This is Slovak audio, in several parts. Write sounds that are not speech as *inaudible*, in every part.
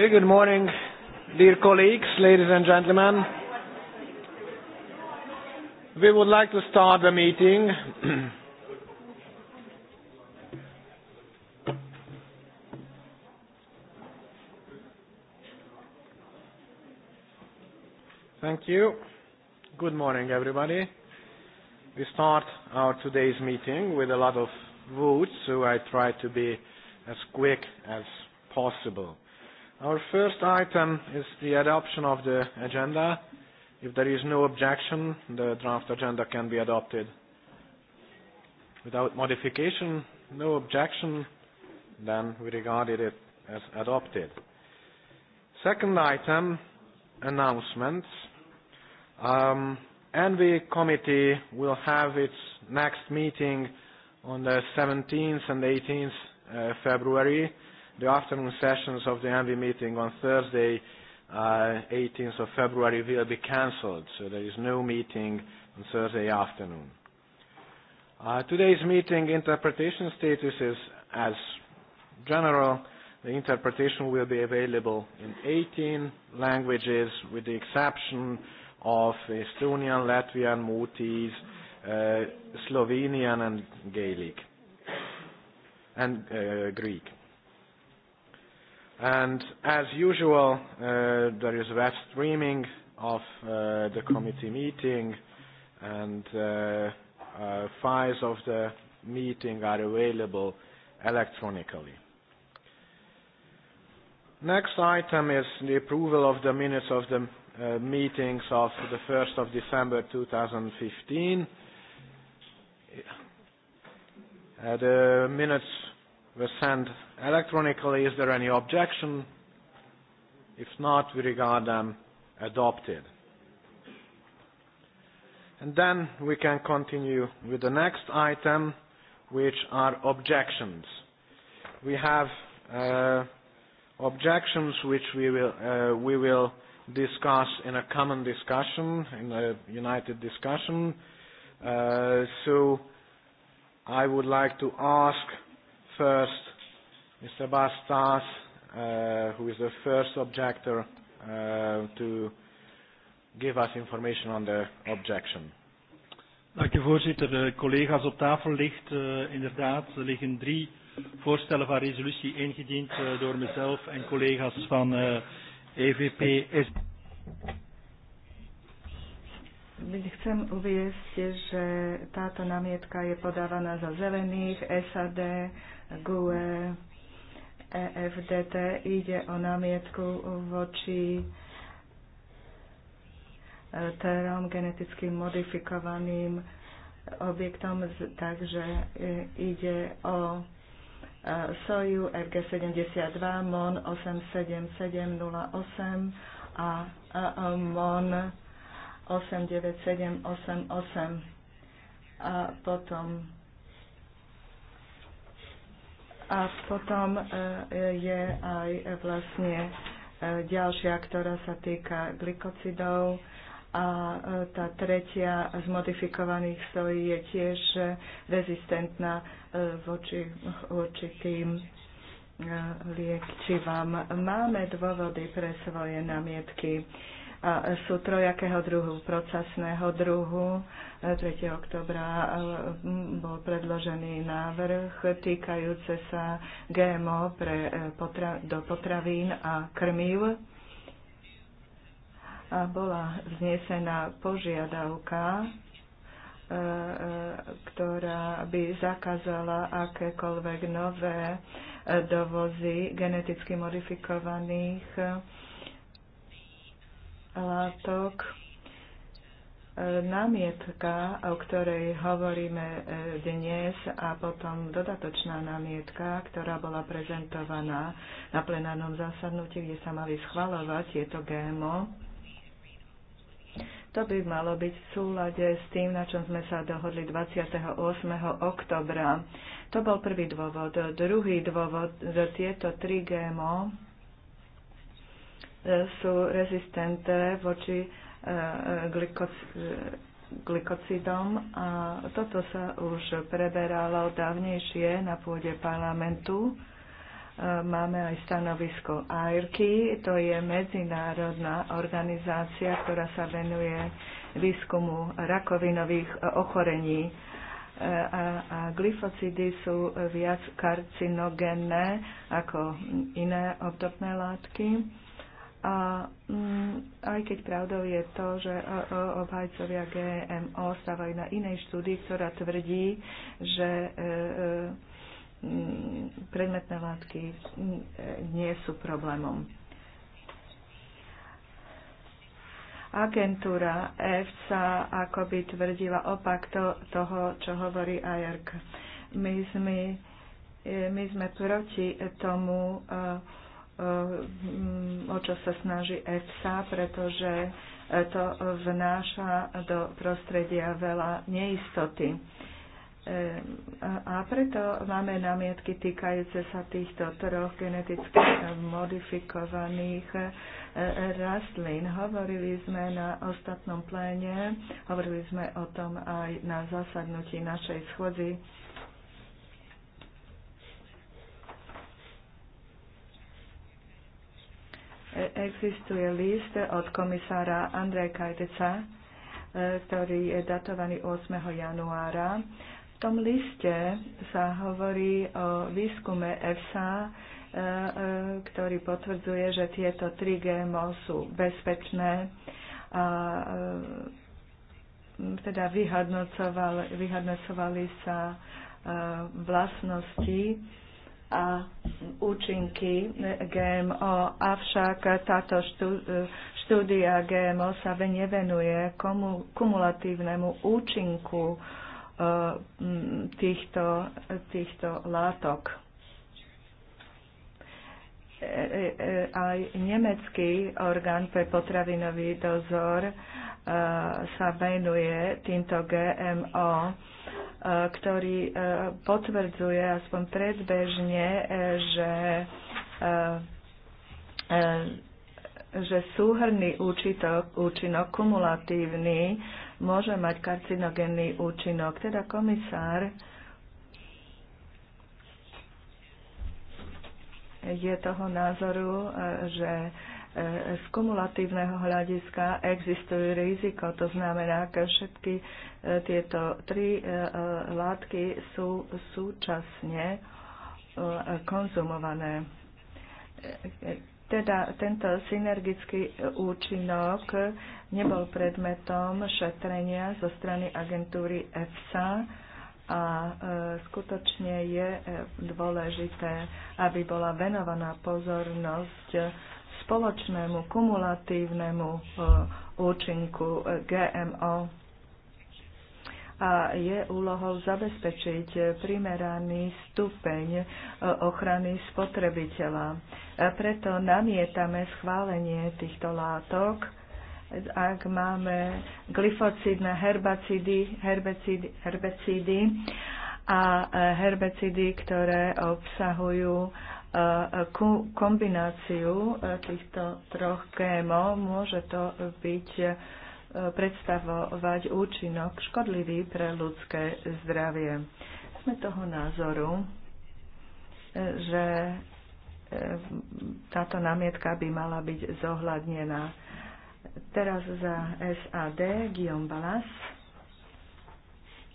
Okay, good morning, dear colleagues, ladies and gentlemen. We would like to start the meeting. *clears throat* Thank you. Good morning, everybody. We start our today's meeting with a lot of votes, so I try to be as quick as possible. Our first item is the adoption of the agenda. If there is no objection, the draft agenda can be adopted. Without modification, no objection, then we regarded it as adopted. Second item, announcements. Um, NV committee will have its next meeting on the 17th and 18th uh, February the afternoon sessions of the ENVI meeting on Thursday, uh, 18th of February, will be cancelled, so there is no meeting on Thursday afternoon. Uh, today's meeting interpretation status is as general. The interpretation will be available in 18 languages with the exception of Estonian, Latvian, Maltese, uh, Slovenian and Gaelic and uh, Greek. And as usual, uh, there is web streaming of uh, the committee meeting, and uh, uh, files of the meeting are available electronically. Next item is the approval of the minutes of the uh, meetings of the 1st of December 2015. Uh, the minutes were sent electronically. Is there any objection? If not, we regard them adopted. And then we can continue with the next item, which are objections. We have uh, objections which we will, uh, we will discuss in a common discussion, in a united discussion. Uh, so I would like to ask First, Mr. Bastas, uh, who is the first objector, uh, to give us information on the objection. Dank u voorzitter. De collega's op tafel ligt uh, inderdaad, er liggen drie voorstellen van resolutie ingediend uh, door mezelf en collega's van uh, eh, EVP. Chcem uviesť, že táto namietka je podávaná za zelených, SAD, GUE, EFDT ide o námietku voči e, terom geneticky modifikovaným objektom, takže e, ide o e, soju FG72, MON 87708 a MON 89788 a potom a potom e, je aj vlastne e, ďalšia, ktorá sa týka glikocidov a e, tá tretia z modifikovaných stojí je tiež rezistentná voči určitým liečivám. Máme dôvody pre svoje namietky a sú trojakého druhu, procesného druhu. 3. E, oktobra e, bol predložený návrh týkajúce sa GMO pre, e, potra, do potravín a krmív. A bola vznesená požiadavka ktorá by zakázala akékoľvek nové dovozy geneticky modifikovaných látok. E, námietka, o ktorej hovoríme e, dnes a potom dodatočná námietka, ktorá bola prezentovaná na plenárnom zásadnutí, kde sa mali schvalovať tieto GMO, to by malo byť v súlade s tým, na čom sme sa dohodli 28. oktobra. To bol prvý dôvod. Druhý dôvod, že tieto tri GMO E, sú rezistenté voči e, e, glikocidom a toto sa už preberalo dávnejšie na pôde parlamentu. Máme aj stanovisko AIRKY, to je medzinárodná organizácia, ktorá sa venuje výskumu rakovinových ochorení. A, a glyfocidy sú viac karcinogenné ako iné obdobné látky a mm, aj keď pravdou je to, že obhajcovia GMO stávajú na inej štúdii, ktorá tvrdí, že e, e, mm, predmetné látky mm, e, nie sú problémom. Agentúra EFSA akoby tvrdila opak to, toho, čo hovorí IARC. My sme, e, my sme proti tomu e, o čo sa snaží EFSA, pretože to vnáša do prostredia veľa neistoty. A preto máme námietky týkajúce sa týchto troch geneticky modifikovaných e, rastlín. Hovorili sme na ostatnom pléne, hovorili sme o tom aj na zasadnutí našej schodzi E, existuje list od komisára Andrej Kajteca, e, ktorý je datovaný 8. januára. V tom liste sa hovorí o výskume EFSA, e, ktorý potvrdzuje, že tieto 3 GMO sú bezpečné a teda vyhodnocovali, vyhodnocovali sa vlastnosti a účinky GMO, avšak táto štúdia GMO sa nevenuje komu, kumulatívnemu účinku e, týchto, týchto látok. E, e, aj nemecký orgán pre potravinový dozor sa venuje týmto GMO ktorý e, potvrdzuje aspoň predbežne, e, že e, že súhrný účitok, účinok kumulatívny môže mať karcinogénny účinok. Teda komisár je toho názoru, že E, z kumulatívneho hľadiska existuje riziko. To znamená, že všetky e, tieto tri e, látky sú súčasne konzumované. Teda tento synergický účinok nebol predmetom šetrenia zo strany agentúry EFSA, a skutočne je dôležité, aby bola venovaná pozornosť spoločnému kumulatívnemu eh, účinku eh, GMO a je úlohou zabezpečiť primeraný stupeň eh, ochrany spotrebiteľa. Preto namietame schválenie týchto látok, ak máme glyfocidné herbacidy, herbicídy, herbicídy a herbicidy, ktoré obsahujú kombináciu e, týchto troch kémov môže to byť e, predstavovať účinok škodlivý pre ľudské zdravie. Sme toho názoru, e, že táto námietka by mala byť zohľadnená. Teraz za SAD Guillaume Balas.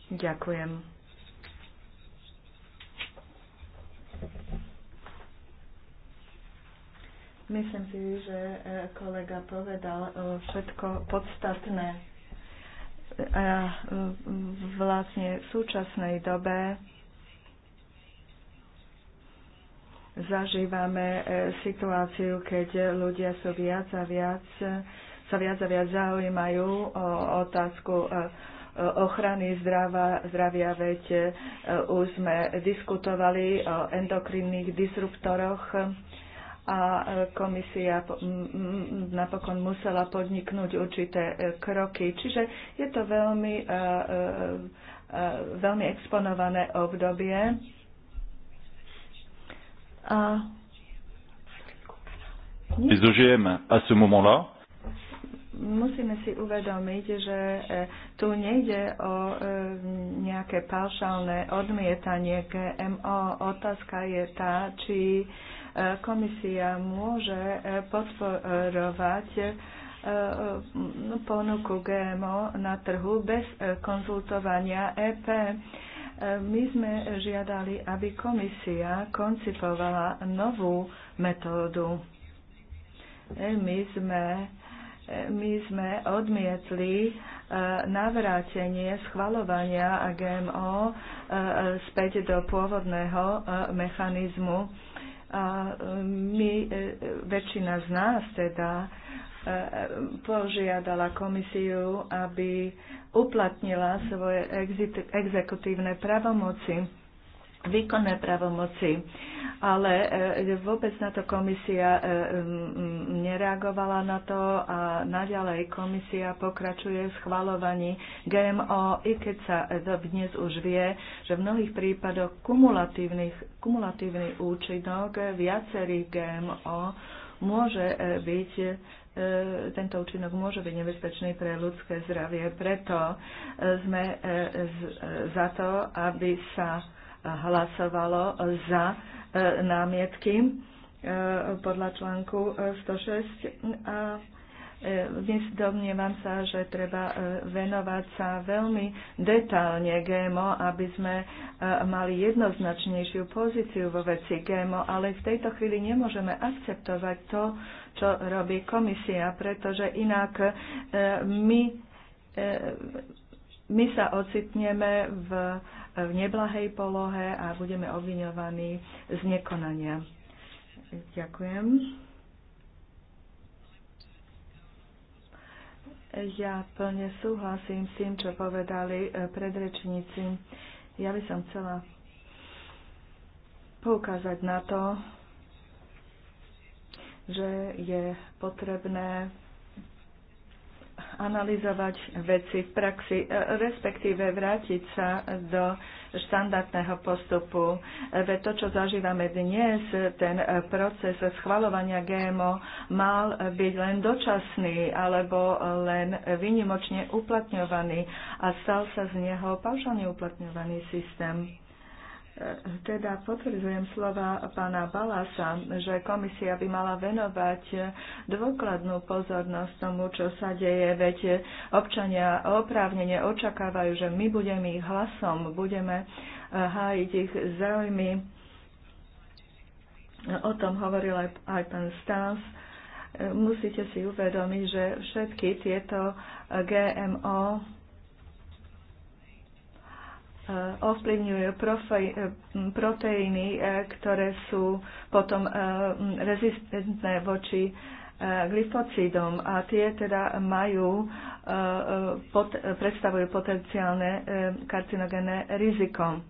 Ďakujem. Myslím si, že e, kolega povedal e, všetko podstatné. A e, vlastne v súčasnej dobe zažívame situáciu, keď ľudia sú viac a viac, sa viac a viac zaujímajú o otázku ochrany zdrava, zdravia, veď už sme diskutovali o endokrinných disruptoroch a e, komisia napokon musela podniknúť určité e, kroky. Čiže je to veľmi, e, veľmi exponované obdobie. A à ce moment-là. Musíme si uvedomiť, že tu nejde o nejaké paušálne odmietanie GMO. Otázka je tá, či Komisia môže e, podporovať e, e, ponuku GMO na trhu bez konzultovania EP. My sme žiadali, aby komisia koncipovala novú metódu. My sme, my sme odmietli navrátenie schvalovania GMO späť do pôvodného mechanizmu a e, my, e, väčšina z nás teda, e, požiadala komisiu, aby uplatnila svoje exekutívne pravomoci výkonné pravomoci. Ale e, vôbec na to komisia e, nereagovala na to a naďalej komisia pokračuje v schvalovaní GMO, i keď sa dnes už vie, že v mnohých prípadoch kumulatívny účinok viacerých GMO môže e, byť tento účinok môže byť nebezpečný pre ľudské zdravie. Preto sme za to, aby sa hlasovalo za e, námietky e, podľa článku 106 e, a Domnievam sa, že treba venovať sa veľmi detálne GMO, aby sme mali jednoznačnejšiu pozíciu vo veci GMO, ale v tejto chvíli nemôžeme akceptovať to, čo robí komisia, pretože inak my my sa ocitneme v, v neblahej polohe a budeme obviňovaní z nekonania. Ďakujem. Ja plne súhlasím s tým, čo povedali e, predrečníci. Ja by som chcela poukázať na to, že je potrebné analyzovať veci v praxi, e, respektíve vrátiť sa do štandardného postupu. E, veď to, čo zažívame dnes, ten proces schvalovania GMO mal byť len dočasný alebo len vynimočne uplatňovaný a stal sa z neho paušálne uplatňovaný systém. Teda potvrdzujem slova pána Balasa, že komisia by mala venovať dôkladnú pozornosť tomu, čo sa deje, veď občania oprávnene očakávajú, že my budeme ich hlasom, budeme eh, hájiť ich záujmy. O tom hovoril aj, aj pán Stans. Eh, musíte si uvedomiť, že všetky tieto eh, GMO Eh, ovplyvňujú eh, proteíny, eh, ktoré sú potom rezistentné voči glyfocídom a tie teda majú, predstavujú potenciálne karcinogénne riziko.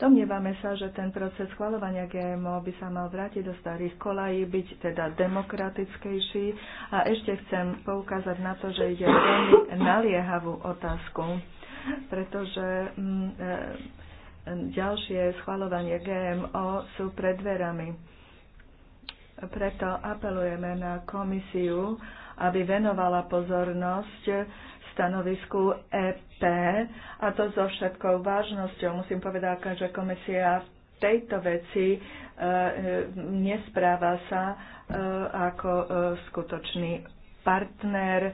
Domnievame sa, že ten proces schvalovania GMO by sa mal vrátiť do starých kolají, byť teda demokratickejší a ešte chcem poukázať na to, že ide o veľmi naliehavú otázku pretože mm, e, ďalšie schvalovanie GMO sú pred dverami. Preto apelujeme na komisiu, aby venovala pozornosť stanovisku EP a to so všetkou vážnosťou. Musím povedať, že komisia v tejto veci e, nespráva sa e, ako e, skutočný partner, e,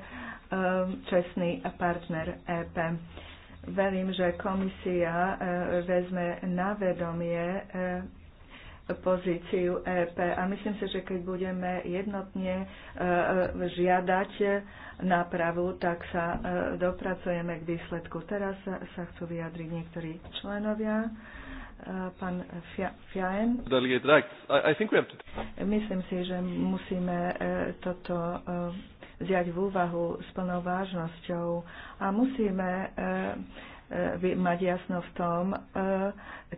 čestný partner EP. E, Verím, že komisia e, vezme na vedomie e, pozíciu EP a myslím si, že keď budeme jednotne e, žiadať nápravu, tak sa dopracujeme k výsledku. Teraz sa chcú vyjadriť niektorí členovia. Pán Fiaen. Myslím si, že musíme toto vziať v úvahu s plnou vážnosťou a musíme e, e, mať jasno v tom, e,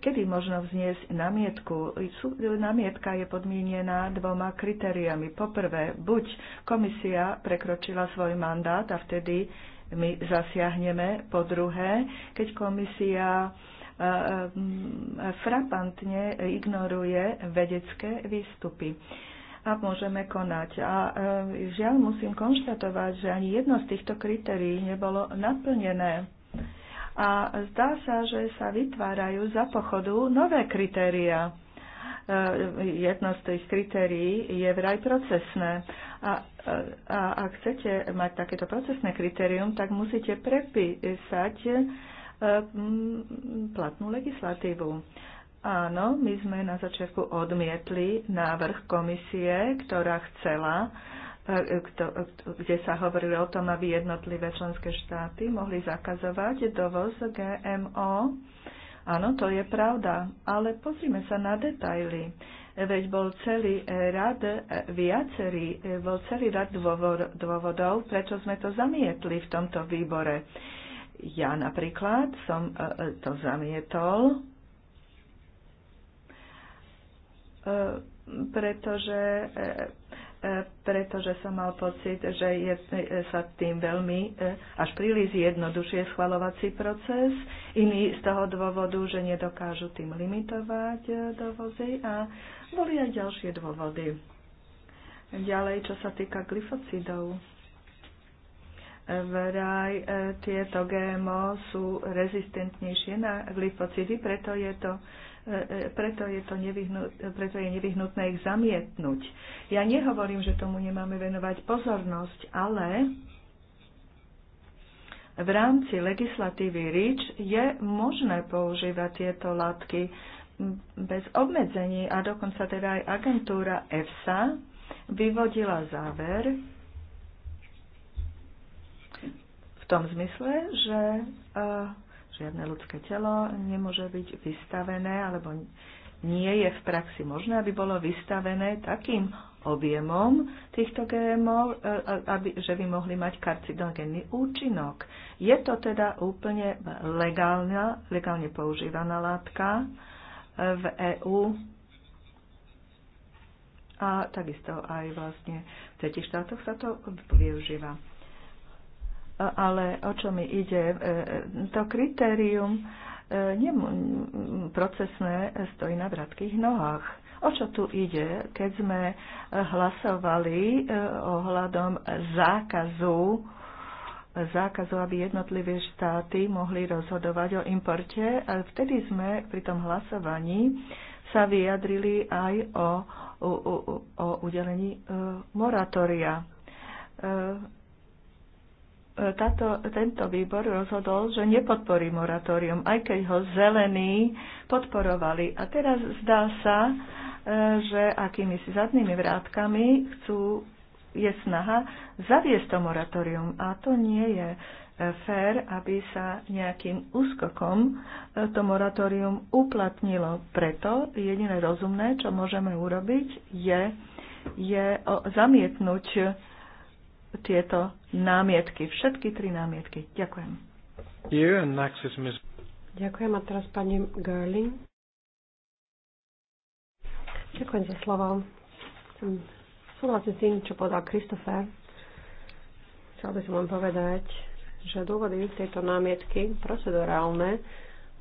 kedy možno vzniesť namietku. Namietka je podmienená dvoma kritériami. Poprvé, buď komisia prekročila svoj mandát a vtedy my zasiahneme. Po druhé, keď komisia frapantne ignoruje vedecké výstupy a môžeme konať. A e, žiaľ musím konštatovať, že ani jedno z týchto kritérií nebolo naplnené. A zdá sa, že sa vytvárajú za pochodu nové kritéria e, jedno z tých kritérií je vraj procesné. A, e, a ak chcete mať takéto procesné kritérium, tak musíte prepísať platnú legislatívu. Áno, my sme na začiatku odmietli návrh komisie, ktorá chcela, e, e, kde sa hovorilo o tom, aby jednotlivé členské štáty mohli zakazovať dovoz GMO. Áno, to je pravda, ale pozrime sa na detaily. Veď bol celý rad e, viacerý, bol celý rad dôvodov, prečo sme to zamietli v tomto výbore. Ja napríklad som to zamietol, pretože, e, e, pretože som mal pocit, že je, e, sa tým veľmi až príliš jednodušuje schvalovací proces. Iní z toho dôvodu, že nedokážu tým limitovať dovozy a boli aj ďalšie dôvody. Ďalej, čo sa týka glyfocidov. Vraj tieto GMO sú rezistentnejšie na glyfocidy, preto je to preto je, to nevyhnut, preto je nevyhnutné ich zamietnúť. Ja nehovorím, že tomu nemáme venovať pozornosť, ale v rámci legislatívy REACH je možné používať tieto látky bez obmedzení a dokonca teda aj agentúra EFSA vyvodila záver v tom zmysle, že eh, Žiadne ľudské telo nemôže byť vystavené alebo nie je v praxi možné, aby bolo vystavené takým objemom týchto GMO, e, e, aby, že by mohli mať karcinogénny účinok. Je to teda úplne legálna, legálne používaná látka e, v EÚ a takisto aj vlastne v tretich štátoch sa to využíva ale o čo mi ide? E, e, to kritérium e, procesné stojí na vratkých nohách. O čo tu ide, keď sme hlasovali ohľadom zákazu zákazu, aby jednotlivé štáty mohli rozhodovať o importe. vtedy sme pri tom hlasovaní sa vyjadrili aj o, o, o, o udelení moratória táto, tento výbor rozhodol, že nepodporí moratórium, aj keď ho zelení podporovali. A teraz zdá sa, e, že akými si zadnými vrátkami chcú, je snaha zaviesť to moratórium. A to nie je e, fér, aby sa nejakým úskokom e, to moratórium uplatnilo. Preto jediné rozumné, čo môžeme urobiť, je, je zamietnúť tieto námietky, všetky tri námietky. Ďakujem. Ďakujem a teraz pani Gerling. Ďakujem za slovo. Chcem súhlasiť s tým, čo povedal Christopher. Chcel by som vám povedať, že dôvody tejto námietky, procedurálne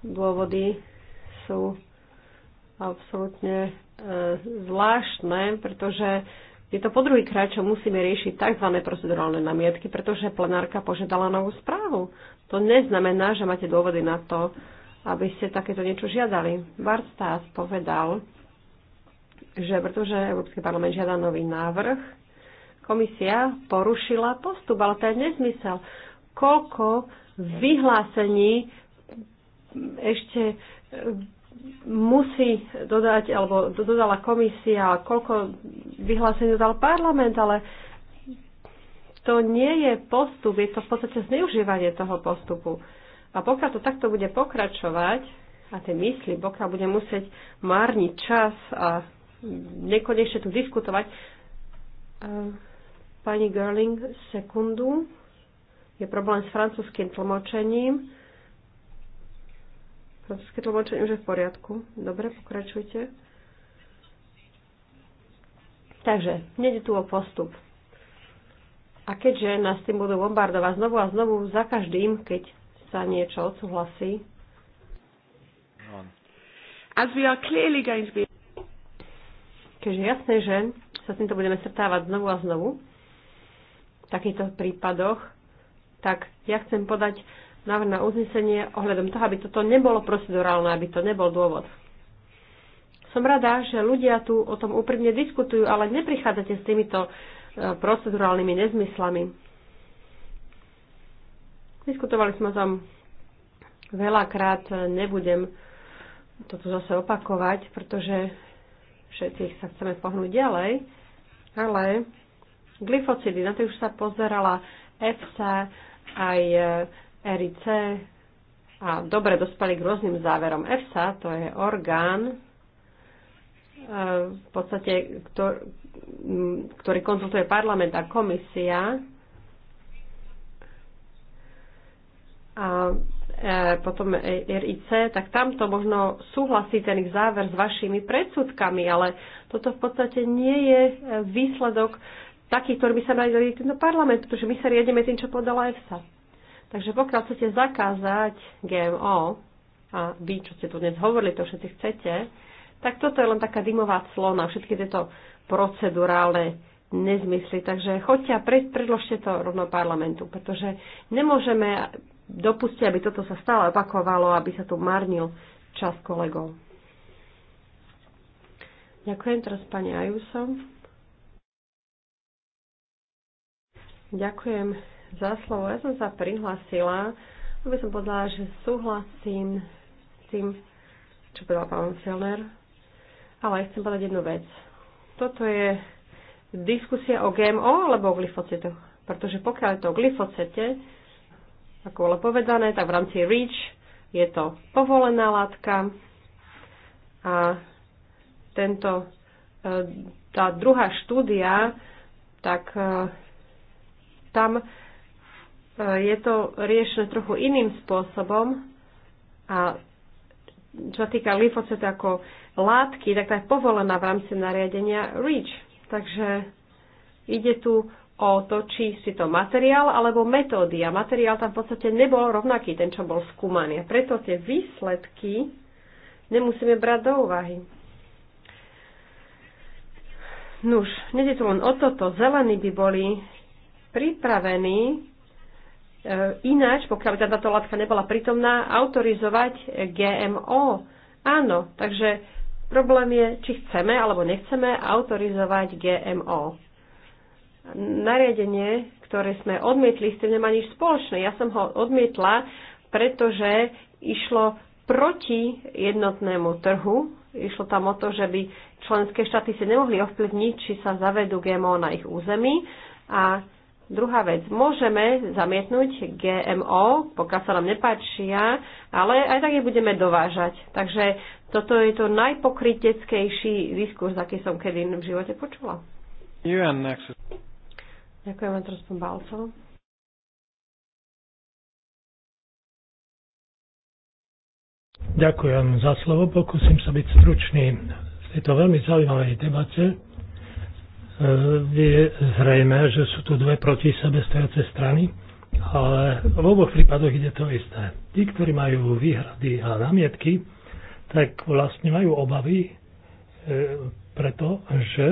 dôvody, sú absolútne e, zvláštne, pretože e, je to po druhý krát, čo musíme riešiť tzv. procedurálne namietky, pretože plenárka požiadala novú správu. To neznamená, že máte dôvody na to, aby ste takéto niečo žiadali. Bart povedal, že pretože Európsky parlament žiada nový návrh, komisia porušila postup, ale to je nezmysel. Koľko vyhlásení ešte musí dodať, alebo dodala komisia, koľko vyhlásení dodal parlament, ale to nie je postup, je to v podstate zneužívanie toho postupu. A pokiaľ to takto bude pokračovať, a tie mysli, pokiaľ bude musieť márniť čas a nekonečne tu diskutovať, ehm, pani Girling, sekundu, je problém s francúzským tlmočením. Francúzske tlmočenie už je v poriadku. Dobre, pokračujte. Takže, nejde tu o postup. A keďže nás tým budú bombardovať znovu a znovu za každým, keď sa niečo odsúhlasí, As we are clearly going to be... Keďže jasné, že sa s týmto budeme stretávať znovu a znovu v takýchto prípadoch, tak ja chcem podať návrh na uznesenie ohľadom toho, aby toto nebolo procedurálne, aby to nebol dôvod. Som rada, že ľudia tu o tom úprimne diskutujú, ale neprichádzate s týmito e, procedurálnymi nezmyslami. Diskutovali sme tam veľakrát, nebudem to tu zase opakovať, pretože všetci sa chceme pohnúť ďalej, ale glyfocidy, na to už sa pozerala EFSA, aj RIC a dobre dospeli k rôznym záverom. EFSA, to je orgán, e, v podstate, ktorý konzultuje parlament a komisia. A e, potom e, RIC, tak tamto možno súhlasí ten ich záver s vašimi predsudkami, ale toto v podstate nie je výsledok taký, ktorý by sa mali do týmto parlament, pretože my sa riadíme tým, čo podala EFSA. Takže pokiaľ chcete zakázať GMO, a vy, čo ste tu dnes hovorili, to všetci chcete, tak toto je len taká dymová clona, všetky tieto procedurálne nezmysly. Takže choďte a predložte to rovno parlamentu, pretože nemôžeme dopustiť, aby toto sa stále opakovalo, aby sa tu marnil čas kolegov. Ďakujem teraz pani Ajusom. Ďakujem za slovo. Ja som sa prihlasila, aby som povedala, že súhlasím s tým, čo povedal pán Filner, ale chcem povedať jednu vec. Toto je diskusia o GMO alebo o glyfocetoch. Pretože pokiaľ je to o glyfocete, ako bolo povedané, tak v rámci REACH je to povolená látka a tento, e, tá druhá štúdia, tak e, tam Eh, je to riešené trochu iným spôsobom a čo sa týka lymfocytu ako látky, tak tá je povolená v rámci nariadenia REACH. Takže ide tu o to, či si to materiál alebo metódy. A materiál tam v podstate nebol rovnaký, ten, čo bol skúmaný. A preto tie výsledky nemusíme brať do úvahy. Nuž, nede tu len o toto. Zelení by boli pripravení E, ináč, pokiaľ by táto látka nebola prítomná, autorizovať GMO. Áno, takže problém je, či chceme alebo nechceme autorizovať GMO. Nariadenie, ktoré sme odmietli, s tým nemá nič spoločné. Ja som ho odmietla, pretože išlo proti jednotnému trhu. Išlo tam o to, že by členské štáty si nemohli ovplyvniť, či sa zavedú GMO na ich území. A Druhá vec, môžeme zamietnúť GMO, pokiaľ sa nám nepáčia, ale aj tak ich budeme dovážať. Takže toto je to najpokriteckejší diskurs, aký som kedy v živote počula. Ďakujem vám teraz, pán Ďakujem za slovo, pokúsim sa byť stručný v tejto veľmi zaujímavej debate. E, je zrejme, že sú tu dve proti sebe stojace strany, ale v oboch prípadoch ide to isté. Tí, ktorí majú výhrady a námietky, tak vlastne majú obavy e, preto, že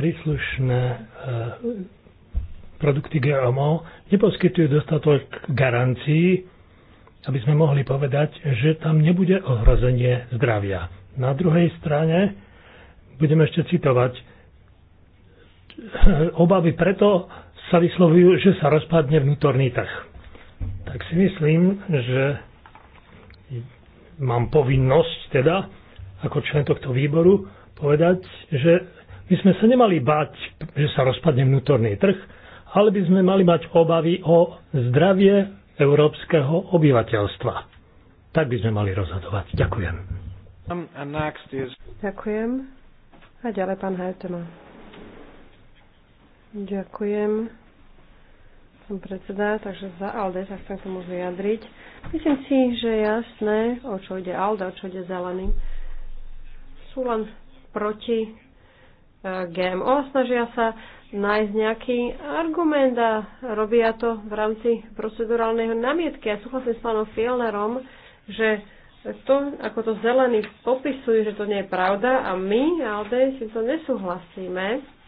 príslušné e, produkty GMO neposkytujú dostatok garancií, aby sme mohli povedať, že tam nebude ohrozenie zdravia. Na druhej strane budem ešte citovať obavy preto sa vyslovujú, že sa rozpadne vnútorný trh. Tak si myslím, že mám povinnosť teda, ako člen tohto výboru, povedať, že my sme sa nemali báť, že sa rozpadne vnútorný trh, ale by sme mali mať obavy o zdravie európskeho obyvateľstva. Tak by sme mali rozhodovať. Ďakujem. Um, Ďakujem. A ďalej pán Hajtema. Ďakujem, pán predseda. Takže za ALDE sa chcem k tomu vyjadriť. Myslím si, že je jasné, o čo ide ALDE, o čo ide zelený, Sú len proti e, GMO, snažia sa nájsť nejaký argument a robia to v rámci procedurálneho namietky. Ja súhlasím s pánom Fielnerom, že to, ako to zelený popisujú, že to nie je pravda a my, ALDE, si to nesúhlasíme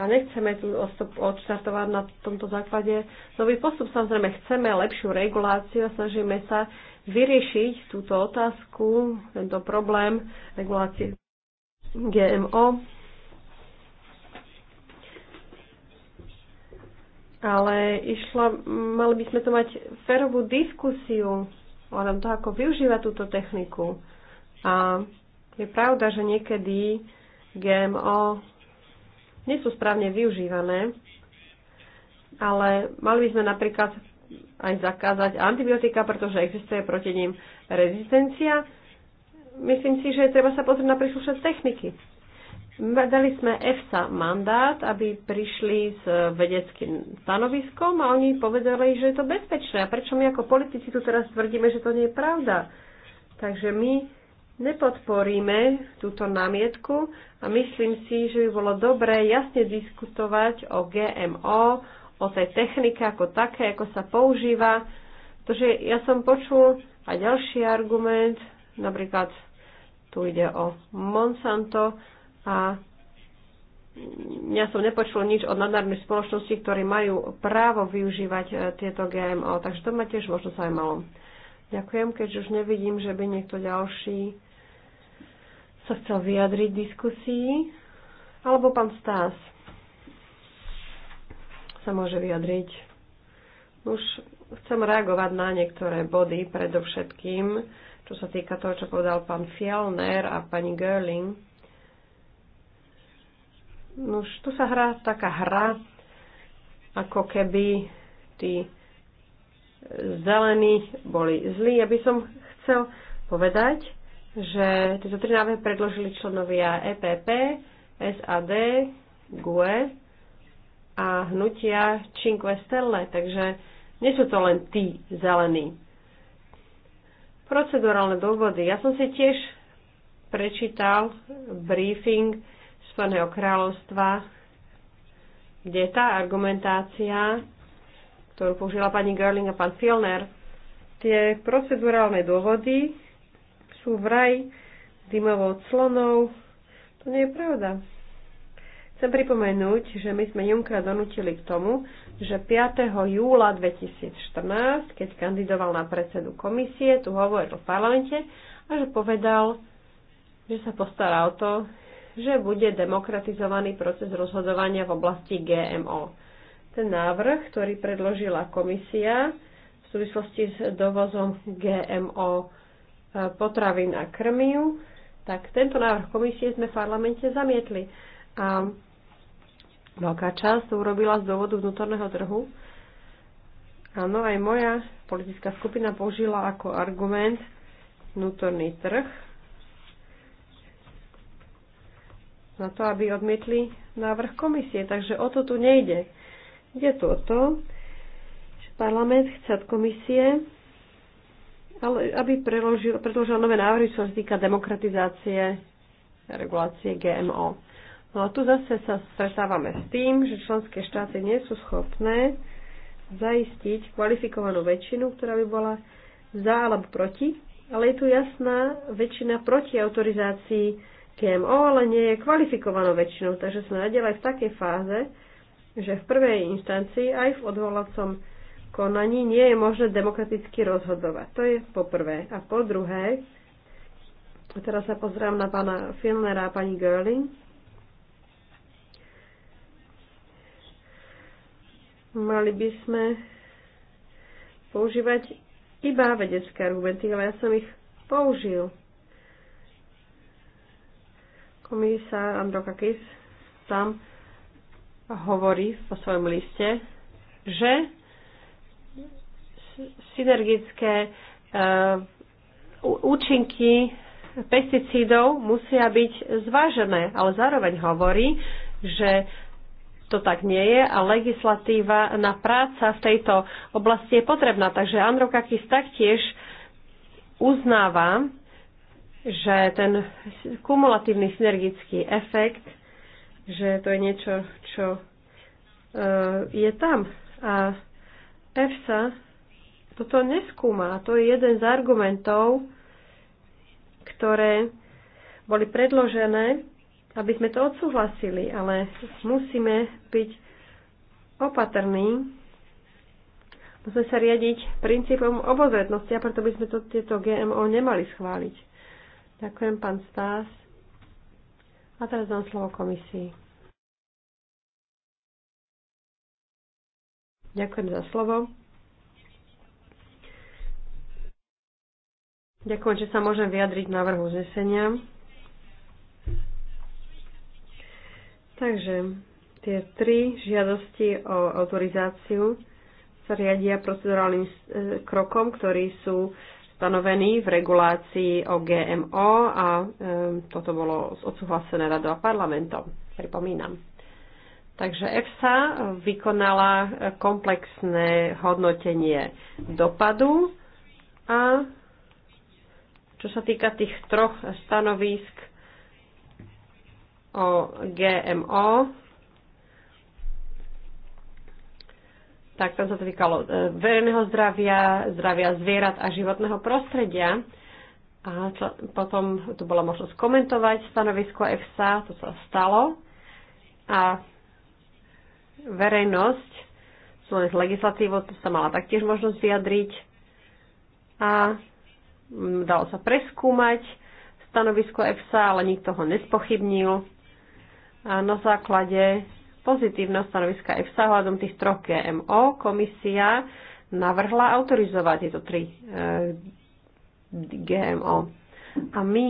a nechceme tu odštartovať na tomto základe nový postup. Samozrejme, chceme lepšiu reguláciu a snažíme sa vyriešiť túto otázku, tento problém regulácie GMO. Ale išla, mali by sme to mať férovú diskusiu o tom, ako využívať túto techniku. A je pravda, že niekedy GMO nie sú správne využívané, ale mali by sme napríklad aj zakázať antibiotika, pretože existuje proti ním rezistencia. Myslím si, že treba sa pozrieť na príslušné techniky. Dali sme EFSA mandát, aby prišli s vedeckým stanoviskom a oni povedali, že je to bezpečné. A prečo my ako politici tu teraz tvrdíme, že to nie je pravda? Takže my nepodporíme túto námietku a myslím si, že by bolo dobré jasne diskutovať o GMO, o tej technike ako také, ako sa používa. Pretože ja som počul aj ďalší argument, napríklad tu ide o Monsanto a ja som nepočul nič od nadnárodných spoločností, ktorí majú právo využívať e, tieto GMO, takže to ma tiež možno sa aj malo. Ďakujem, keďže už nevidím, že by niekto ďalší sa chcel vyjadriť diskusii, alebo pán Stás sa môže vyjadriť. Už chcem reagovať na niektoré body, predovšetkým, čo sa týka toho, čo povedal pán Fielner a pani Görling. Už tu sa hrá taká hra, ako keby tí zelení boli zlí. Ja by som chcel povedať, že tieto tri návrhy predložili členovia EPP, SAD, GUE a hnutia Cinque Stelle, takže nie sú to len tí zelení. Procedurálne dôvody. Ja som si tiež prečítal briefing Spojeného kráľovstva, kde tá argumentácia, ktorú použila pani Görling a pán Filner, tie procedurálne dôvody sú vraj zimovou clonou. To nie je pravda. Chcem pripomenúť, že my sme Junkra donútili k tomu, že 5. júla 2014, keď kandidoval na predsedu komisie, tu hovoril v parlamente a že povedal, že sa postará o to, že bude demokratizovaný proces rozhodovania v oblasti GMO. Ten návrh, ktorý predložila komisia v súvislosti s dovozom GMO potravín a krmiu, tak tento návrh komisie sme v parlamente zamietli. A veľká časť to urobila z dôvodu vnútorného trhu. Áno, aj moja politická skupina použila ako argument vnútorný trh na to, aby odmietli návrh komisie. Takže o to tu nejde. Ide tu o to, že parlament chce od komisie ale aby preložil, predložil nové návrhy, čo sa týka demokratizácie regulácie GMO. No a tu zase sa stretávame s tým, že členské štáty nie sú schopné zaistiť kvalifikovanú väčšinu, ktorá by bola za alebo proti, ale je tu jasná väčšina proti autorizácii GMO, ale nie je kvalifikovanou väčšinou, takže sme nadalej v takej fáze, že v prvej instancii aj v odvolacom konaní nie je možné demokraticky rozhodovať. To je po prvé. A po druhé, teraz sa pozrám na pána Filnera a pani Görling. Mali by sme používať iba vedecké argumenty, ale ja som ich použil. Komisár Androkakis tam hovorí vo svojom liste, že synergické eh, účinky pesticídov musia byť zvážené, ale zároveň hovorí, že to tak nie je a legislatíva na práca v tejto oblasti je potrebná. Takže Androkakis taktiež uznáva, že ten kumulatívny synergický efekt, že to je niečo, čo eh, je tam. A EFSA toto neskúma. A to je jeden z argumentov, ktoré boli predložené, aby sme to odsúhlasili, ale musíme byť opatrní, musíme sa riadiť princípom obozretnosti a preto by sme to, tieto GMO nemali schváliť. Ďakujem, pán Stás. A teraz dám slovo komisii. Ďakujem za slovo. Ďakujem, že sa môžem vyjadriť k návrhu znesenia. Takže tie tri žiadosti o autorizáciu sa riadia procedurálnym e, krokom, ktorí sú stanovený v regulácii o GMO a e, toto bolo odsúhlasené radou a parlamentom, pripomínam. Takže EFSA vykonala komplexné hodnotenie dopadu a čo sa týka tých troch stanovísk o GMO, tak tam sa to týkalo e, verejného zdravia, zdravia zvierat a životného prostredia. A čo, potom tu bola možnosť komentovať stanovisko EFSA, to sa stalo. A verejnosť spolu s legislatívou sa mala taktiež možnosť vyjadriť. A Mm, dalo sa preskúmať stanovisko EFSA, ale nikto ho nespochybnil. A na základe pozitívneho stanoviska EFSA hľadom tých troch GMO komisia navrhla autorizovať tieto tri e, eh, GMO. A my,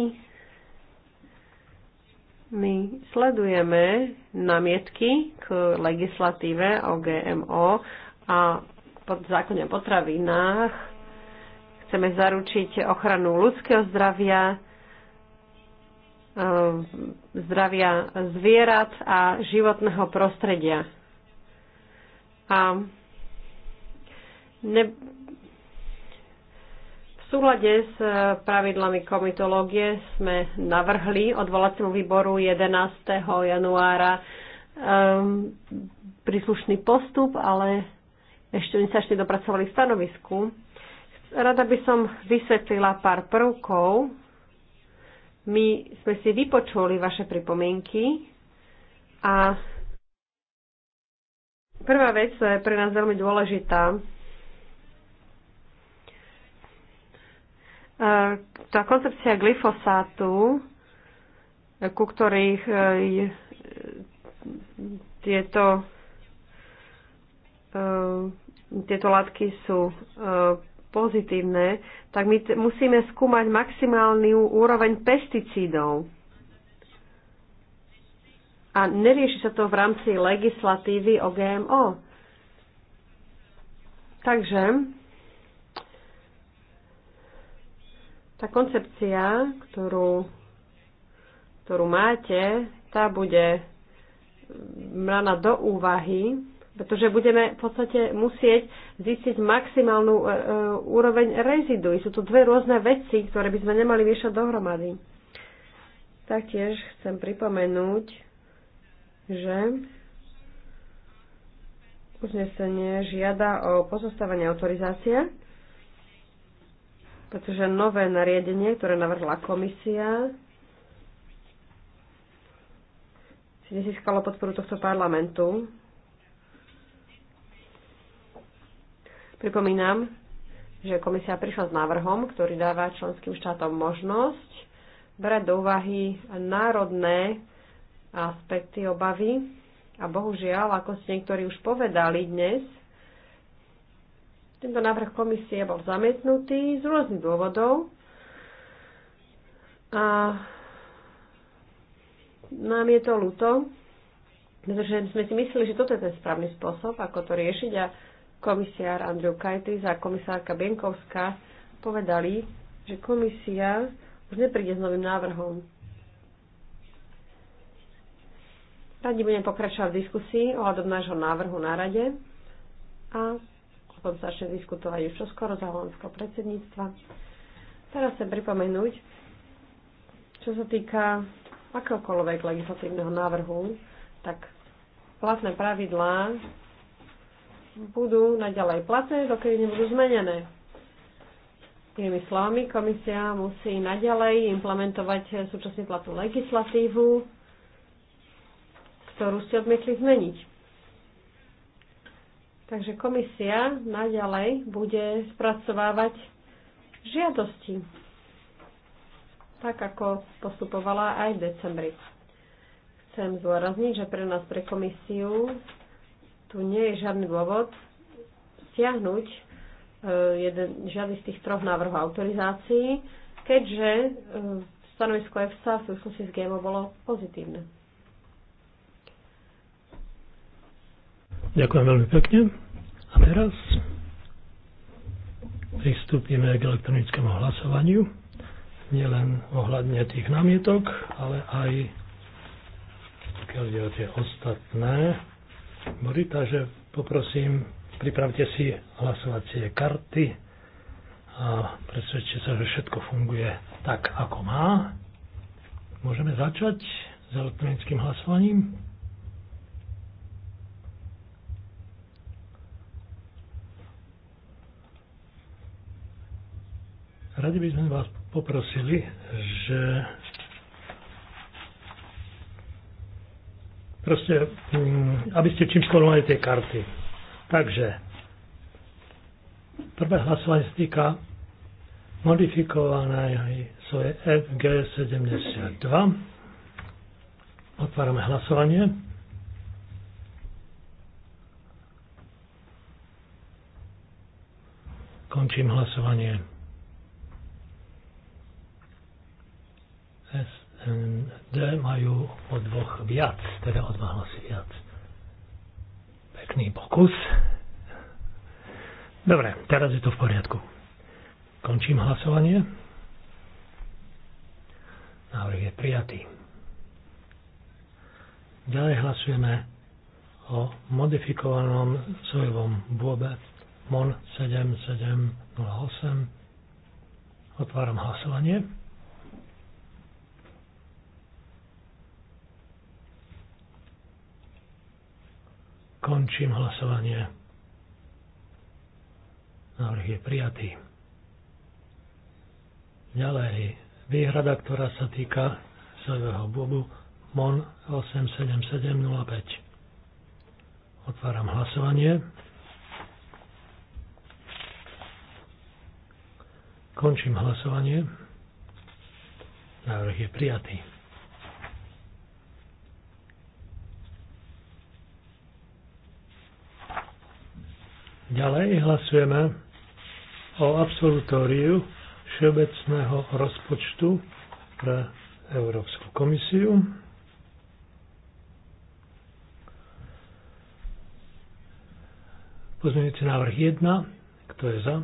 my sledujeme namietky k legislatíve o GMO a pod zákone o potravinách Chceme zaručiť ochranu ľudského zdravia, e, zdravia zvierat a životného prostredia. A ne, v súlade s e, pravidlami komitológie sme navrhli odvolacímu výboru 11. januára um, príslušný postup, ale ešte oni sa ešte dopracovali v stanovisku. Rada by som vysvetlila pár prvkov. My sme si vypočuli vaše pripomienky a prvá vec je pre nás veľmi dôležitá. E, tá koncepcia glyfosátu, e, ku ktorých e, tieto tieto látky sú pozitívne, tak my musíme skúmať maximálny úroveň pesticídov. A nerieši sa to v rámci legislatívy o GMO. Takže tá koncepcia, ktorú, ktorú máte, tá bude braná do úvahy pretože budeme v podstate musieť zistiť maximálnu e, e úroveň rezidu. Sú to dve rôzne veci, ktoré by sme nemali vyšať dohromady. Taktiež chcem pripomenúť, že uznesenie žiada o pozostávanie autorizácie, pretože nové nariadenie, ktoré navrhla komisia, si nezískalo podporu tohto parlamentu Pripomínam, že komisia prišla s návrhom, ktorý dáva členským štátom možnosť brať do úvahy národné aspekty obavy. A bohužiaľ, ako ste niektorí už povedali dnes, tento návrh komisie bol zamietnutý z rôznych dôvodov. A nám je to ľúto, pretože sme si mysleli, že toto je ten správny spôsob, ako to riešiť a Komisiár Andrew Kajtis a komisárka Bienkovská povedali, že komisia už nepríde s novým návrhom. Radi budem pokračovať v diskusii ohľadom nášho návrhu na rade a potom začne diskutovať už čoskoro za holandského predsedníctva. Teraz chcem pripomenúť, čo sa týka akéhokoľvek legislatívneho návrhu, tak platné pravidlá budú naďalej platné, dokedy nebudú zmenené. Tými slovami komisia musí naďalej implementovať súčasne platnú legislatívu, ktorú ste odmietli zmeniť. Takže komisia naďalej bude spracovávať žiadosti, tak ako postupovala aj v decembri. Chcem zdôrazniť, že pre nás, pre komisiu, tu nie je žiadny dôvod stiahnuť e, jeden, žiadny z tých troch návrhov autorizácií, keďže e, stanovisko EFSA v súvislosti s GMO bolo pozitívne. Ďakujem veľmi pekne. A teraz pristúpime k elektronickému hlasovaniu. Nielen ohľadne tých námietok, ale aj pokiaľ ide o tie ostatné boli, takže poprosím, pripravte si hlasovacie karty a presvedčte sa, že všetko funguje tak, ako má. Môžeme začať s elektronickým hlasovaním. Radi by sme vás poprosili, že proste, hm, aby ste čím skôr mali tie karty. Takže, prvé hlasovanie sa týka modifikovanej svoje FG72. Otvárame hlasovanie. Končím hlasovanie. Ehm, D majú o dvoch viac, teda o dva hlasy viac. Pekný pokus. Dobre, teraz je to v poriadku. Končím hlasovanie. Návrh je prijatý. Ďalej hlasujeme o modifikovanom sojovom bôbe MON 7708. Otváram hlasovanie. Končím hlasovanie. Návrh je prijatý. Ďalej, výhrada, ktorá sa týka svojho bobu MON 87705. Otváram hlasovanie. Končím hlasovanie. Návrh je prijatý. Ďalej hlasujeme o absolutóriu všeobecného rozpočtu pre Európsku komisiu. Pozmeňujúci návrh 1. Kto je za?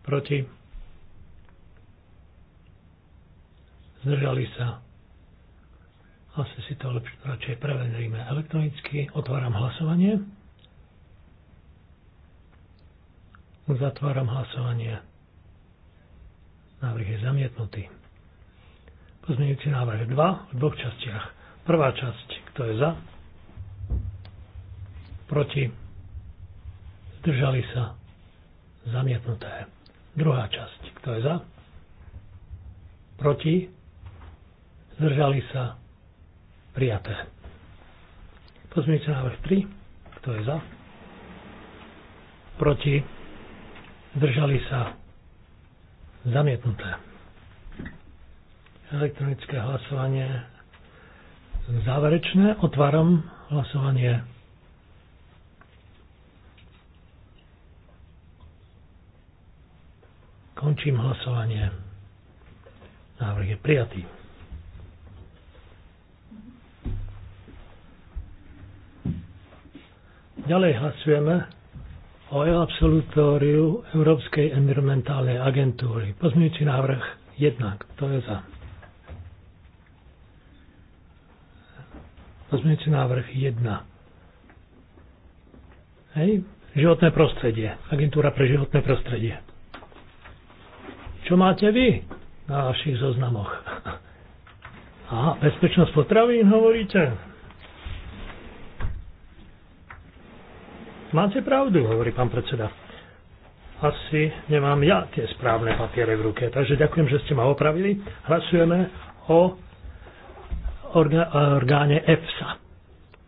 Proti? Zdržali sa? Asi si to lepšie, radšej preveríme elektronicky. Otváram hlasovanie. Uzatváram hlasovanie. Návrh je zamietnutý. Pozmeňujúci návrh 2 v dvoch častiach. Prvá časť, kto je za? Proti? Zdržali sa? Zamietnuté. Druhá časť, kto je za? Proti? Zdržali sa? Prijaté. Pozmeňujúci návrh 3, kto je za? Proti? Držali sa zamietnuté. Elektronické hlasovanie záverečné. Otváram hlasovanie. Končím hlasovanie. Návrh je prijatý. Ďalej hlasujeme o absolutóriu Európskej environmentálnej agentúry. Pozmeňujúci návrh 1. Kto je za? Pozmeňujúci návrh 1. Hej? Životné prostredie. Agentúra pre životné prostredie. Čo máte vy na vašich zoznamoch? *laughs* Aha, bezpečnosť potravín hovoríte? Máte pravdu, hovorí pán predseda. Asi nemám ja tie správne papiere v ruke, takže ďakujem, že ste ma opravili. Hlasujeme o orgáne EFSA.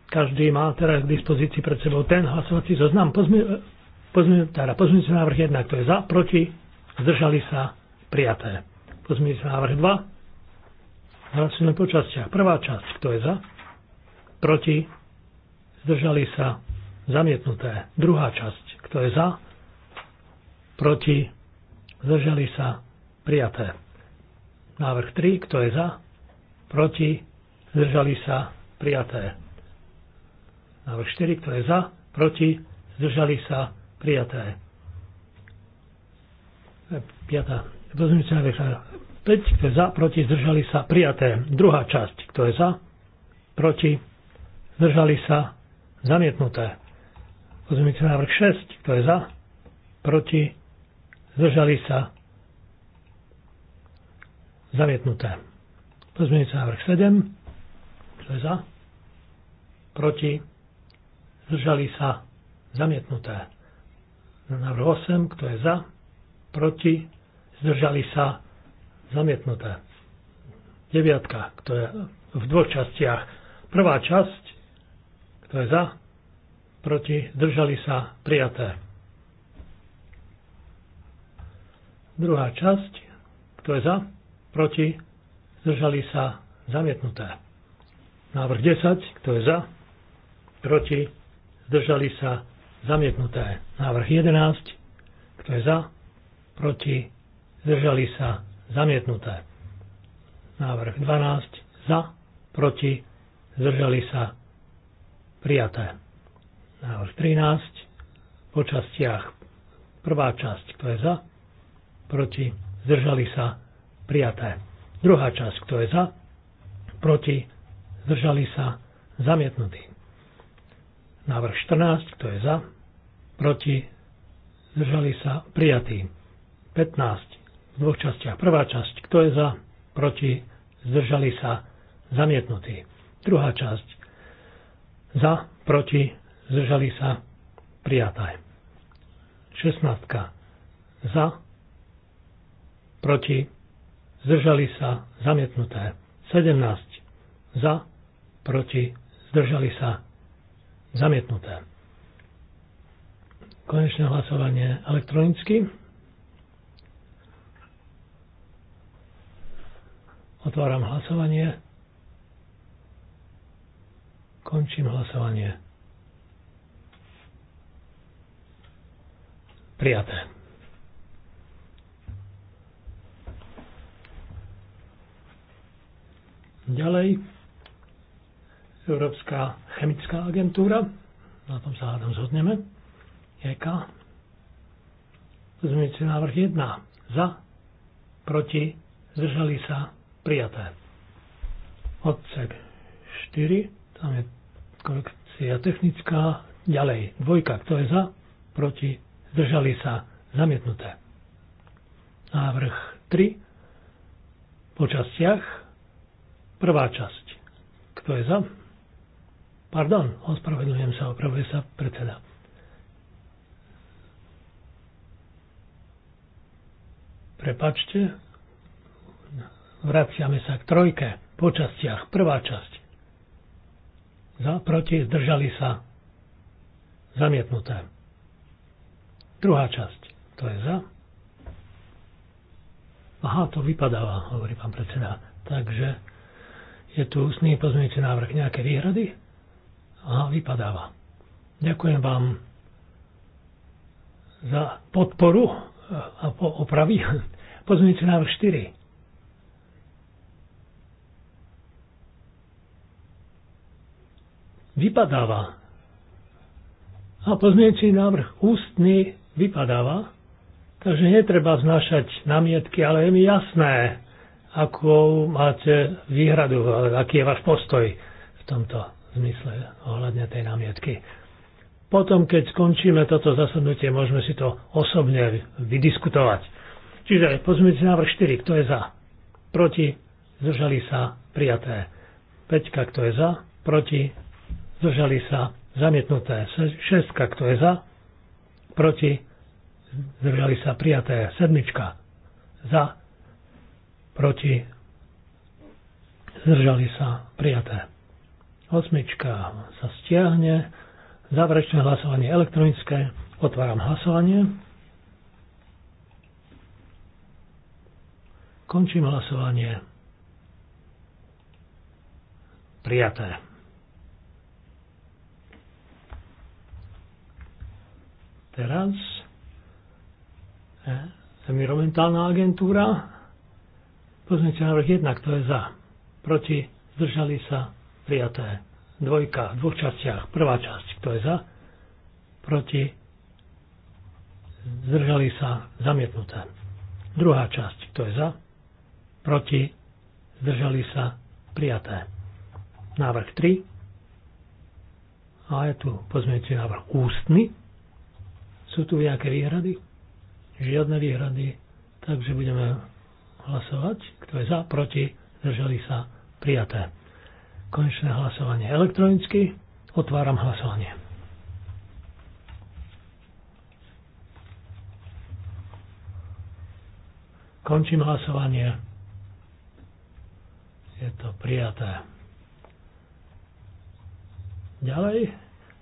Každý má teraz k dispozícii pred sebou ten hlasovací zoznam. Pozme, teda sa návrh 1, kto je za, proti, zdržali sa, prijaté. Pozme sa návrh 2, hlasujeme po častiach. Prvá časť, kto je za, proti, zdržali sa, Zamietnuté. Druhá časť. Kto je za? Proti? Zdržali sa? Prijaté. Návrh 3. Kto je za? Proti? Zdržali sa? Prijaté. Návrh 4. Kto je za? Proti? Zdržali sa? Prijaté. 5. Pozmite návrh 5. Kto je za? Proti? Zdržali sa? Prijaté. Druhá časť. Kto je za? Proti? Zdržali sa? Zamietnuté. Pozmeňujúci návrh 6. Kto je za? Proti? Zdržali sa? Zamietnuté. Pozmeňujúci návrh 7. Kto je za? Proti? Zdržali sa? Zamietnuté. Návrh 8. Kto je za? Proti? Zdržali sa? Zamietnuté. 9. Kto je v dvoch častiach? Prvá časť. Kto je za? proti, zdržali sa, prijaté. Druhá časť, kto je za, proti, zdržali sa, zamietnuté. Návrh 10, kto je za, proti, zdržali sa, zamietnuté. Návrh 11, kto je za, proti, zdržali sa, zamietnuté. Návrh 12, za, proti, zdržali sa, prijaté. Návrh 13 po častiach. Prvá časť, kto je za, proti, zdržali sa, prijaté. Druhá časť, kto je za, proti, zdržali sa, zamietnutý. Návrh 14, kto je za, proti, zdržali sa, prijatý. 15 v dvoch častiach. Prvá časť, kto je za, proti, zdržali sa, zamietnutý. Druhá časť, za, proti, zdržali sa, prijatá. 16. Za, proti, zdržali sa, zamietnuté. 17. Za, proti, zdržali sa, zamietnuté. Konečné hlasovanie elektronicky. Otváram hlasovanie. Končím hlasovanie. Prijaté. Ďalej, Európska chemická agentúra, na tom sa hádam zhodneme, EK, pozmeňujúci návrh 1, za, proti, zdržali sa, prijaté. Odsek 4, tam je korekcia technická, ďalej, dvojka, kto je za, proti, zdržali sa, zamietnuté. Návrh 3 po častiach, prvá časť. Kto je za? Pardon, ospravedlňujem sa, opravuje sa predseda. Prepačte, vraciame sa k trojke po častiach. Prvá časť. Za, proti, zdržali sa. Zamietnuté. Druhá časť. To je za. Aha, to vypadáva, hovorí pán predseda. Takže je tu ústný pozmeňujúci návrh. Nejaké výhrady? Aha, vypadáva. Ďakujem vám za podporu e, a po opravy. *laughs* Pozmeňujúci návrh 4. Vypadáva. A pozmeňujúci návrh ústny vypadáva. Takže netreba vznášať namietky, ale je mi jasné, ako máte výhradu, aký je váš postoj v tomto zmysle ohľadne tej námietky. Potom, keď skončíme toto zasadnutie, môžeme si to osobne vydiskutovať. Čiže pozmite návrh 4, kto je za? Proti? Zdržali sa? Prijaté. 5, kto je za? Proti? Zdržali sa? Zamietnuté. 6, kto je za? Proti? zdržali sa prijaté. Sedmička za, proti, zdržali sa prijaté. Osmička sa stiahne, záverečné hlasovanie elektronické, otváram hlasovanie. Končím hlasovanie. Prijaté. Teraz environmentálna agentúra. Pozmeňte návrh jednak, kto je za. Proti, zdržali sa, prijaté. Dvojka v dvoch častiach. Prvá časť, kto je za. Proti, zdržali sa, zamietnuté. Druhá časť, kto je za. Proti, zdržali sa, prijaté. Návrh 3. A je tu pozmeňte návrh ústny. Sú tu nejaké výhrady? Žiadne výhrady. Takže budeme hlasovať. Kto je za, proti, zdržali sa, prijaté. Konečné hlasovanie elektronicky. Otváram hlasovanie. Končím hlasovanie. Je to prijaté. Ďalej.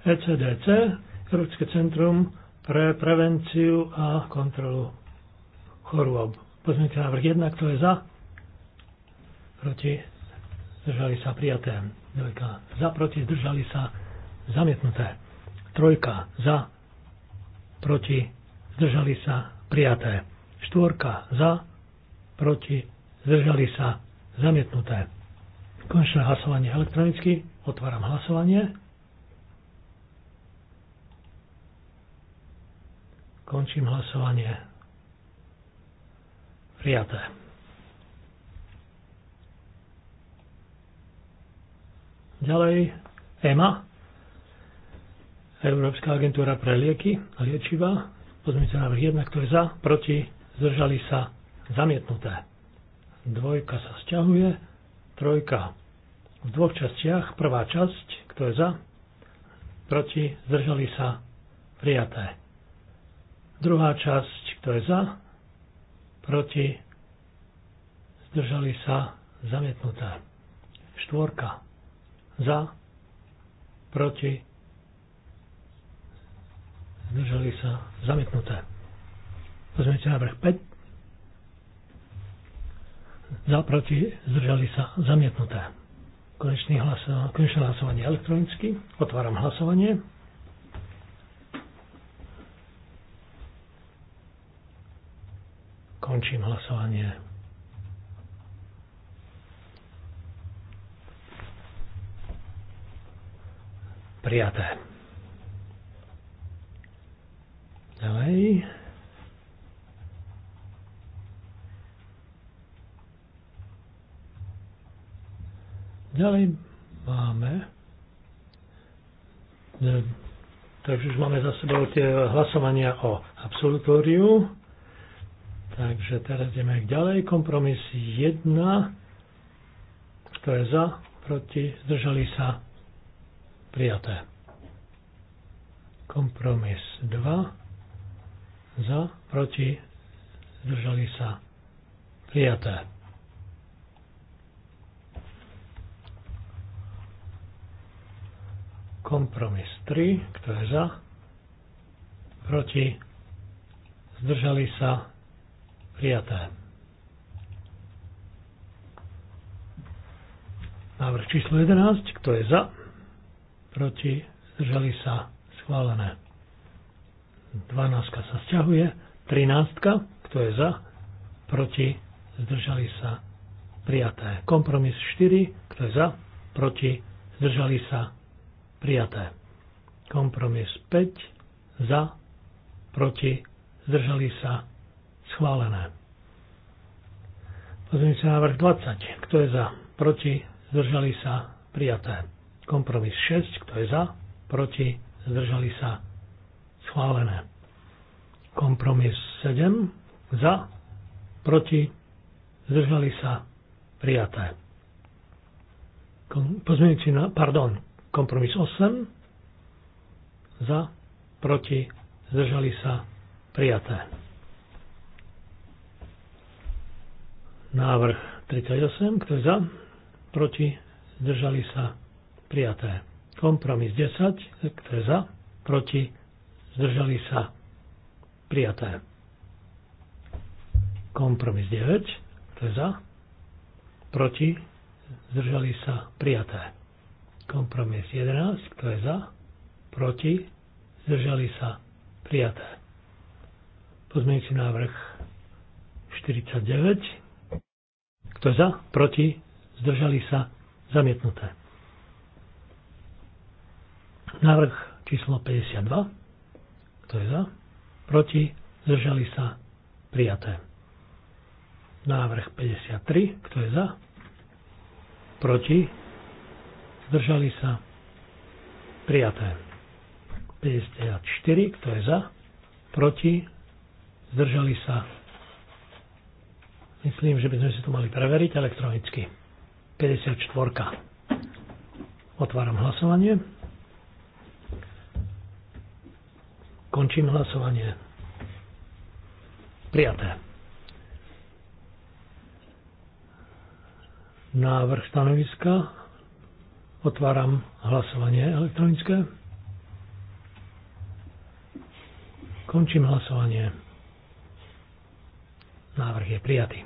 ECDC, Európske centrum pre prevenciu a kontrolu chorôb. Pozmite návrh 1, kto je za, proti, zdržali sa prijaté. Dvojka za, proti, zdržali sa zamietnuté. Trojka za, proti, zdržali sa prijaté. Štvorka za, proti, zdržali sa zamietnuté. Končné hlasovanie elektronicky. Otváram hlasovanie. Končím hlasovanie. Prijaté. Ďalej EMA, Európska agentúra pre lieky a liečiva. Pozmite návrh 1, kto je za, proti, zdržali sa, zamietnuté. Dvojka sa sťahuje, trojka v dvoch častiach. Prvá časť, kto je za, proti, zdržali sa, prijaté Druhá časť, kto je za, proti, zdržali sa, zamietnuté. Štvorka, za, proti, zdržali sa, zamietnuté. Pozmite návrh 5. Za, proti, zdržali sa, zamietnuté. Konečný hlas, konečné hlasovanie elektronicky. Otváram hlasovanie. Končím hlasovanie. Prijaté. Ďalej. Ďalej máme e, takže už máme za sebou tie hlasovania o absolutóriu. Takže teraz ideme ďalej. Kompromis 1. Kto je za, proti, zdržali sa, prijaté. Kompromis 2. Za, proti, zdržali sa, prijaté. Kompromis 3. Kto je za, proti, zdržali sa, Prijaté. Návrh číslo 11. Kto je za? Proti? Zdržali sa? Schválené. 12 sa stiahuje. 13. Kto je za? Proti? Zdržali sa? Prijaté. Kompromis 4. Kto je za? Proti? Zdržali sa? Prijaté. Kompromis 5. Za? Proti? Zdržali sa? Schválené. Pozrieme sa návrh 20. Kto je za? Proti? Zdržali sa? Prijaté. Kompromis 6. Kto je za? Proti? Zdržali sa? Schválené. Kompromis 7. Za? Proti? Zdržali sa? Prijaté. si na, pardon, kompromis 8. Za? Proti? Zdržali sa? Prijaté. Návrh 38, kto je za? Proti? Zdržali sa? Prijaté. Kompromis 10, kto je za? Proti? Zdržali sa? Prijaté. Kompromis 9, kto je za? Proti? Zdržali sa? Prijaté. Kompromis 11, kto je za? Proti? Zdržali sa? Prijaté. Pozmeňujúci návrh 49, kto je za? Proti? Zdržali sa? Zamietnuté. Návrh číslo 52. Kto je za? Proti? Zdržali sa? Prijaté. Návrh 53. Kto je za? Proti? Zdržali sa? Prijaté. 54. Kto je za? Proti? Zdržali sa? Myslím, že by sme si to mali preveriť elektronicky. 54. Otváram hlasovanie. Končím hlasovanie. Prijaté. Návrh stanoviska. Otváram hlasovanie elektronické. Končím hlasovanie. Návrh je prijatý.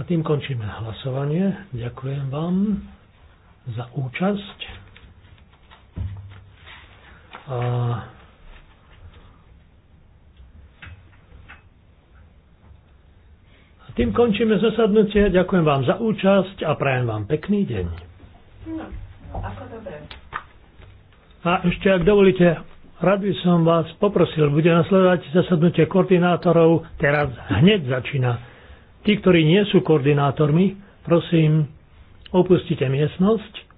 A tým končíme hlasovanie. Ďakujem vám za účasť. A tým končíme zasadnutie. Ďakujem vám za účasť a prajem vám pekný deň. No, ako dobre. A ešte, ak dovolíte, rád by som vás poprosil, bude nasledovať zasadnutie koordinátorov, teraz hneď začína. Tí, ktorí nie sú koordinátormi, prosím, opustite miestnosť